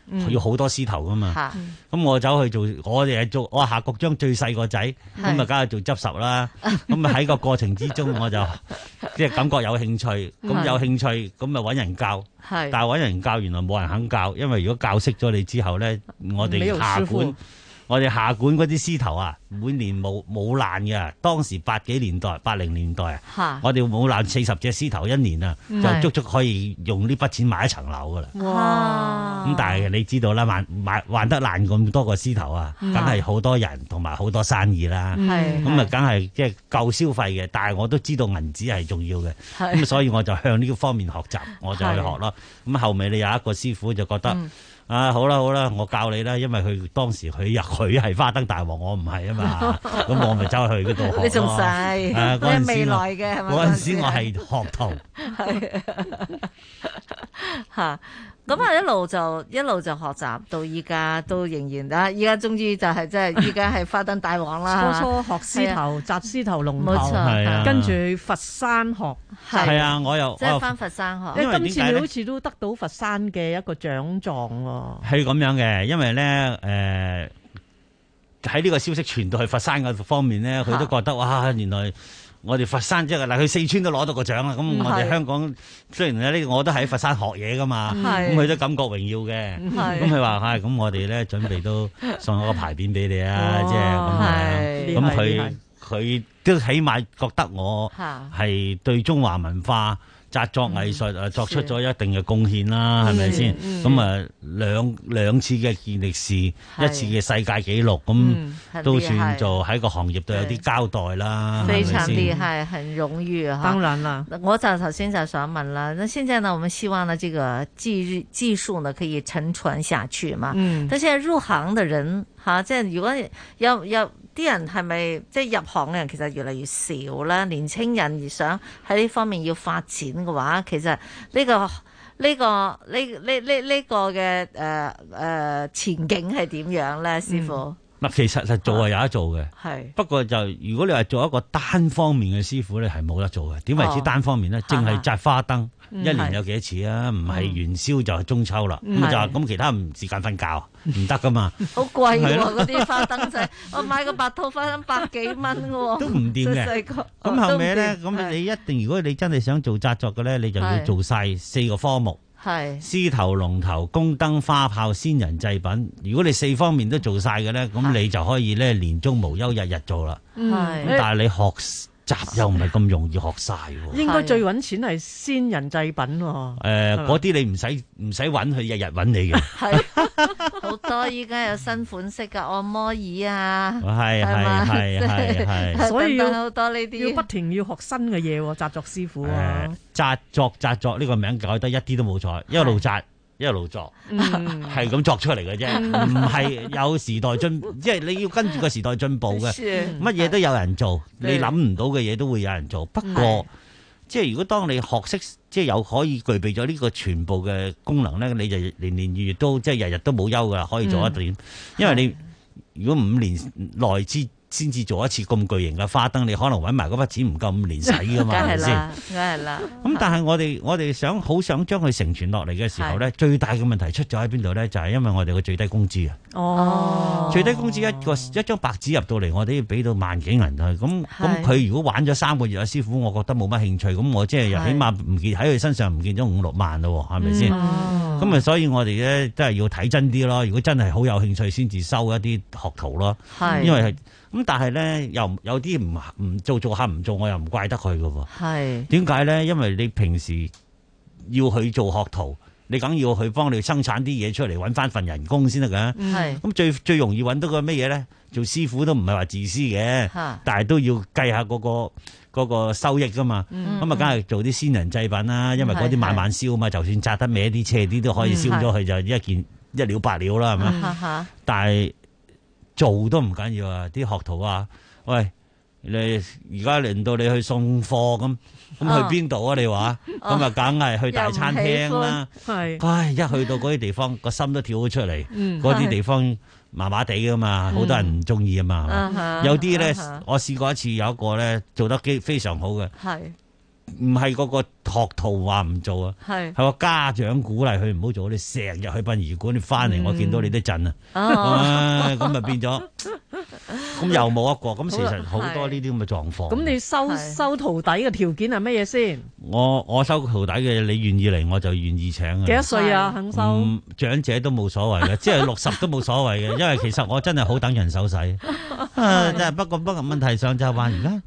要好多獅頭噶嘛，咁、嗯、我走去做，我哋做我夏國璋最細個仔，咁啊梗係做執拾啦，咁啊喺個過程之中 <laughs> 我就即係、就是、感覺有興趣，咁有興趣咁啊揾人教，是但係揾人教原來冇人肯教，因為如果教識咗你之後咧，我哋下館。我哋下管嗰啲獅頭啊，每年冇冇爛嘅。當時八幾年代、八零年代啊，哈我哋冇爛四十隻獅頭一年啊，是就足足可以用呢筆錢買一層樓噶啦。哇！咁、嗯、但係你知道啦，買玩得爛咁多個獅頭啊，梗係好多人同埋好多生意啦。咁啊、嗯，梗係即係夠消費嘅。但係我都知道銀紙係重要嘅，咁是、嗯、所以我就向呢個方面學習，我就去學咯。咁後尾你有一個師傅就覺得，嗯啊好啦好啦，我教你啦，因為佢當時佢入佢係花燈大王，我唔係啊嘛，咁 <laughs> 我咪走去佢嗰度學。你仲細，嗰陣、啊、時你係未來嘅，嗰陣時我係學徒。係。嚇。咁啊，一路就一路就學習到依家，都仍然啦。依家終於就係即係依家係花燈大王啦。初 <laughs> 初學獅頭，習獅、啊、頭龍頭，錯啊、跟住佛山學。係啊，啊，我又即係翻佛山學。因為今次你好似都得到佛山嘅一個獎狀喎。係咁樣嘅，因為咧誒喺呢，這呢、呃、在這個消息傳到去佛山嘅方面咧，佢都覺得、啊、哇，原來。我哋佛山即係嗱，佢四川都攞到個獎啦。咁是我哋香港雖然咧，呢個我都喺佛山學嘢噶嘛，咁佢是都感覺榮耀嘅。咁佢話，吓咁、哎、我哋咧準備都送咗個牌匾俾你啊，哦、即係咁咁佢佢都起碼覺得我係對中華文化。紮作藝術誒作出咗一定嘅貢獻啦，係咪先？咁啊，兩兩次嘅健力士，一次嘅世界紀錄，咁都算做喺個行業都有啲交代啦。非常厲害，很榮譽啊。當然啦，我就頭先就想問啦，那現在呢，我們希望呢這個技技術呢可以承傳下去嘛？嗯，但係入行的人，哈，即係如果要要。啲人係咪即係入行嘅人其實越嚟越少啦？年青人而想喺呢方面要發展嘅話，其實呢、這個呢、這個呢呢呢呢個嘅誒誒前景係點樣咧？師傅嗱、嗯，其實係做係有得做嘅，係、啊、不過就如果你話做一個單方面嘅師傅咧，你係冇得做嘅。點為止單方面咧？淨係、哦啊、摘花燈。一年有幾多次啊？唔係元宵就係中秋啦，咁就咁其他唔時間瞓覺唔得噶嘛。好貴喎，嗰啲花燈仔，我買個白兔花燈百幾蚊喎，都唔掂嘅。咁後尾咧，咁你一定如果你真係想做紮作嘅咧，你就要做晒四個科目，獅頭、龍頭、宮燈、花炮、仙人製品。如果你四方面都做晒嘅咧，咁你就可以咧，年終無休，日日做啦。咁但係你學雜又唔係咁容易學晒喎、啊，應該最揾錢係先人製品喎、啊。嗰啲、呃、你唔使唔使揾佢，日日揾你嘅。係好多依家有新款式嘅按摩椅啊，係係係係，所以要好多呢啲，要不停要學新嘅嘢、啊，紮作師傅啊。誒、呃，紮作紮作呢、呢個名改得一啲都冇錯，一路紮。一路作，係咁作出嚟嘅啫，唔係有時代進步，即係你要跟住個時代進步嘅，乜嘢都有人做，你諗唔到嘅嘢都會有人做。不過，即係如果當你學識，即係有可以具備咗呢個全部嘅功能咧，你就年年月月都即係日日都冇休噶啦，可以做一點。因為你如果五年內之先至做一次咁巨型嘅花燈，你可能揾埋嗰筆錢唔夠五年使噶嘛？係咪先？梗係啦，梗係啦。咁但係我哋我哋想好想將佢承傳落嚟嘅時候咧，是最大嘅問題出咗喺邊度咧？就係、是、因為我哋嘅最低工資啊。哦。最低工資一個一張白紙入到嚟，我哋要俾到萬幾銀去。咁咁佢如果玩咗三個月啊，師傅，我覺得冇乜興趣。咁我即係又起碼唔見喺佢身上唔見咗五六萬咯，係咪先？咁啊，嗯哦、所以我哋咧都係要睇真啲咯。如果真係好有興趣，先至收一啲學徒咯。是因為咁但係咧，又有啲唔唔做做下唔做，做，我又唔怪得佢噶喎。係點解咧？因為你平時要去做學徒，你梗要去幫你生產啲嘢出嚟，搵翻份人工先得噶。係咁是最最容易搵到個咩嘢咧？做師傅都唔係話自私嘅，是但係都要計下嗰、嗰個、嗰個收益噶嘛。咁啊、嗯，梗係做啲先人製品啦，因為嗰啲慢慢燒啊嘛，是是就算紮得歪啲斜啲，都可以燒咗佢就一件一了百了啦，係嘛。但係。做都唔緊要啊！啲學徒啊，喂，你而家輪到你去送貨咁，咁去邊度啊？啊啊你話，咁啊梗係去大餐廳啦。係，唉、哎，一去到嗰啲地方，個 <laughs> 心都跳咗出嚟。嗰啲地方麻麻地噶嘛，好、嗯、多人唔中意啊嘛。有啲咧，啊、哈我試過一次，有一個咧做得幾非常好嘅。係。唔係嗰個學徒話唔做啊，係係個家長鼓勵佢唔好做，你成日去殯儀館，你翻嚟，我見到你都震啊，咁咪變咗，咁、哎、 <laughs> 又冇一個，咁其實好多呢啲咁嘅狀況。咁你收收徒弟嘅條件係乜嘢先？我我收徒弟嘅，你願意嚟我就願意請。幾多歲啊？肯收？嗯、長者都冇所謂嘅，即係六十都冇所謂嘅，因為其實我真係好等人手使、 <laughs> 哎，真係。不過不過問題上就係話而家。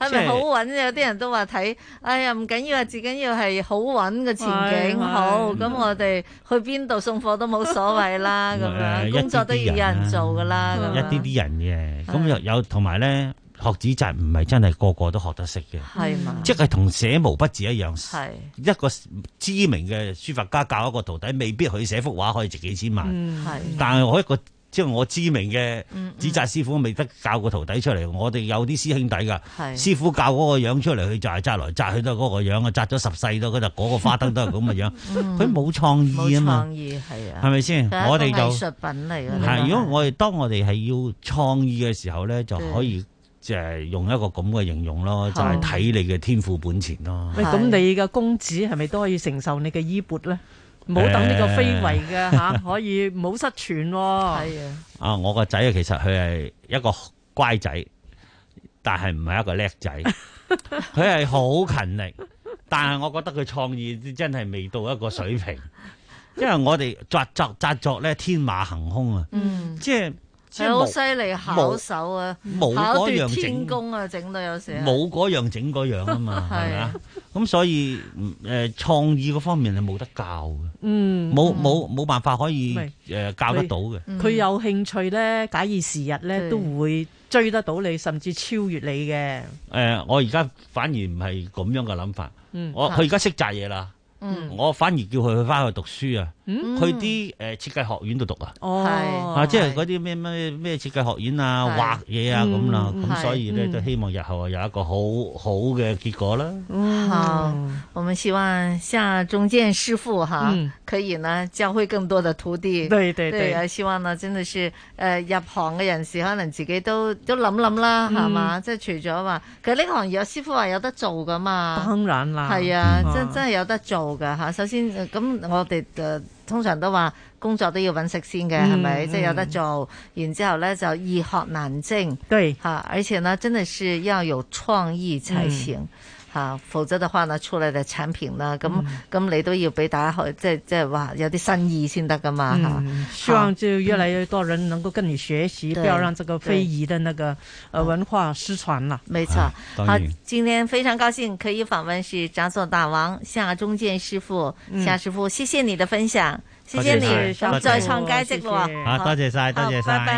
係咪好揾？有啲人都話睇，哎呀唔緊要啊，最緊要係好揾嘅前景好。咁我哋去邊度送貨都冇所謂啦。咁樣工作都要有人做㗎啦。咁一啲啲人嘅，咁又有同埋咧，學紮作唔係真係個個都學得識嘅，係嘛，即係同寫毛筆字一樣。係一個知名嘅書法家教一個徒弟，未必佢寫幅畫可以值幾千萬。係，但係我一個。即係我知名嘅紙紮師傅，未得教個徒弟出嚟。我哋有啲師兄弟噶，師傅教嗰個樣出嚟，佢就係紮來紮去都係嗰個樣，啊，紮咗十世都得。嗰個花燈都係咁嘅樣。佢冇創意啊嘛，係咪先？我哋就藝術品嚟噶。係如果我哋當我哋係要創意嘅時候咧，就可以即係用一個咁嘅形容咯，就係睇你嘅天賦本錢咯。喂，咁你嘅公子係咪都可以承受你嘅衣缽咧？唔好等呢個非遺嘅嚇，可以唔好失傳喎。係啊，啊，我個仔啊，其實佢係一個乖仔，但係唔係一個叻仔。佢係好勤力，但係我覺得佢創意真係未到一個水平，因為我哋作作作作咧天馬行空啊。嗯，即係。好犀利巧手啊！冇嗰、啊、樣整，有冇嗰樣整嗰樣啊嘛，係咪啊？咁所以誒創、呃、意嗰方面係冇得教嘅。嗯，嗯，冇冇冇辦法可以誒是、呃、教得到嘅。佢有興趣咧，假以時日咧，都會追得到你，甚至超越你嘅。誒是、呃，我而家反而唔係咁樣嘅諗法。嗯，我佢而家識紮嘢啦，嗯，我反而叫佢去翻去讀書啊。去啲誒設計學院度讀啊，係啊，即係嗰啲咩咩咩設計學院啊，畫嘢啊咁啦，咁所以咧都希望日後啊有一個好好嘅結果啦。我們希望夏中建師傅哈，可以呢教會更多的徒弟。對對對，我希望啊，真係是誒入行嘅人士，可能自己都都諗諗啦，係嘛？即係除咗話，其實呢行有師傅話有得做噶嘛。當然啦，係啊，真真係有得做噶嚇。首先咁，我哋誒。通常都話工作都要揾食先嘅，係咪，嗯？即係有得做，嗯、然之後呢，就易學難精，嚇對！而且呢，真係是要有創意才行。嗯嚇，否則的話呢，出來的產品呢，咁咁你都要被打好，這這，哇，有啲生意先得噶嘛哈，希望就越來越多人能夠跟你學習，不要讓這個非遺的那個呃文化失傳了，沒錯。好，今天非常高興可以訪問是紮作大王夏中建師傅，夏師傅，謝謝你的分享，謝謝你再創佳績這個。好多謝晒，多謝晒。拜拜。